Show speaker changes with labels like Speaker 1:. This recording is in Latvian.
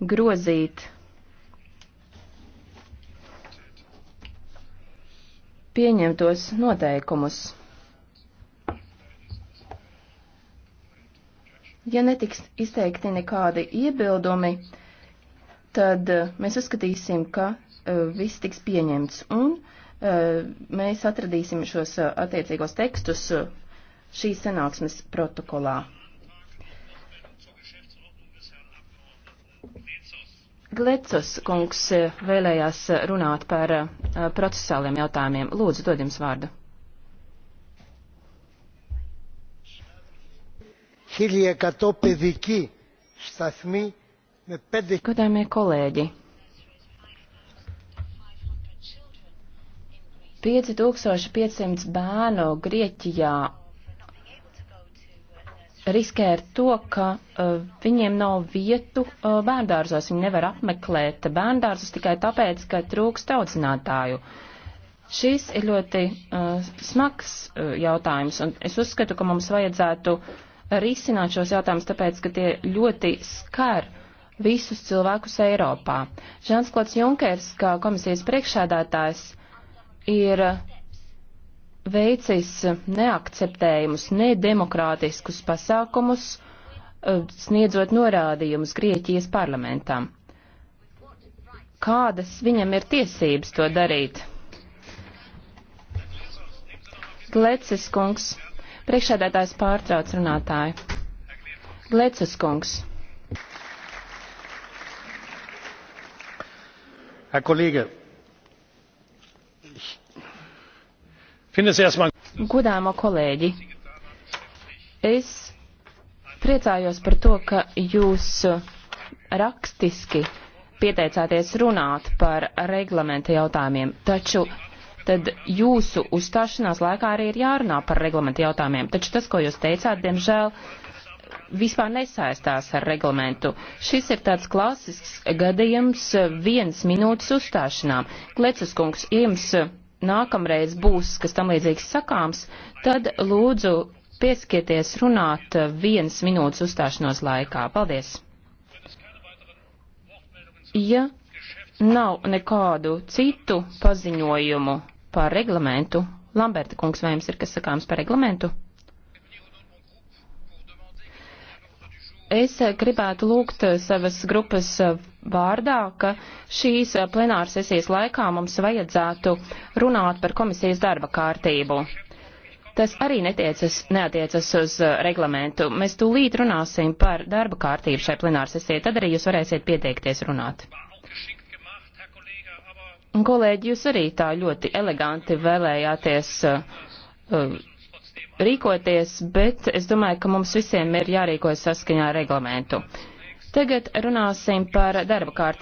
Speaker 1: grozīt pieņemtos noteikumus. Ja netiks izteikti nekādi iebildumi, tad eh, mēs uzskatīsim, ka uh, viss tiks pieņemts un uh, mēs atradīsim šos uh, attiecīgos tekstus šīs sanāksmes protokolā. Glecos kungs eh, vēlējās eh, runāt par eh, procesāliem jautājumiem. Lūdzu, dod jums vārdu. Godājumie kolēģi, 5500 bērnu Grieķijā riskē ar to, ka uh, viņiem nav vietu uh, bērndārzos. Viņi nevar apmeklēt bērndārzus tikai tāpēc, ka trūkst audzinātāju. Šis ir ļoti uh, smags uh, jautājums, un es uzskatu, ka mums vajadzētu risināt šos jautājumus, tāpēc, ka tie ļoti skar visus cilvēkus Eiropā. Žāns Klots Junkers, kā komisijas priekšsēdētājs, ir uh, veicis neakceptējumus, nedemokrātiskus pasākumus, eh, sniedzot norādījumus Grieķijas parlamentam. Kādas viņam ir tiesības to darīt? Glecis kungs, priekšādētājs pārtrauc runātāju. Glecis kungs. Herr Kollege, Godāmo kolēģi, es priecājos par to, ka jūs rakstiski pieteicāties runāt par reglamenta jautājumiem, taču tad jūsu uzstāšanās laikā arī ir jārunā par reglamenta jautājumiem. Taču tas, ko jūs teicāt, diemžēl vispār nesaistās ar reglamentu. Šis ir tāds klasisks gadījums viens minūtes uzstāšanām. Klecas kungs, jums nākamreiz būs kas tam līdzīgs sakāms, tad lūdzu pieskieties runāt vienas minūtes uzstāšanos laikā. Paldies! Ja nav nekādu citu paziņojumu par reglamentu, Lamberta kungs, vai jums ir kas sakāms par reglamentu? Es gribētu lūgt savas grupas vārdā, ka šīs eh, plenāras sesijas laikā mums vajadzētu runāt par komisijas darba kārtību. Tas arī netiecas, neatiecas uz eh, reglamentu. Mēs tūlīt runāsim par darba kārtību šai plenāras sesijai, tad arī jūs varēsiet pieteikties runāt. Un, kolēģi, jūs arī tā ļoti eleganti vēlējāties uh, rīkoties, bet es domāju, ka mums visiem ir jārīkojas saskaņā ar reglamentu. Uh, Tagad runāsim par darba kārtību.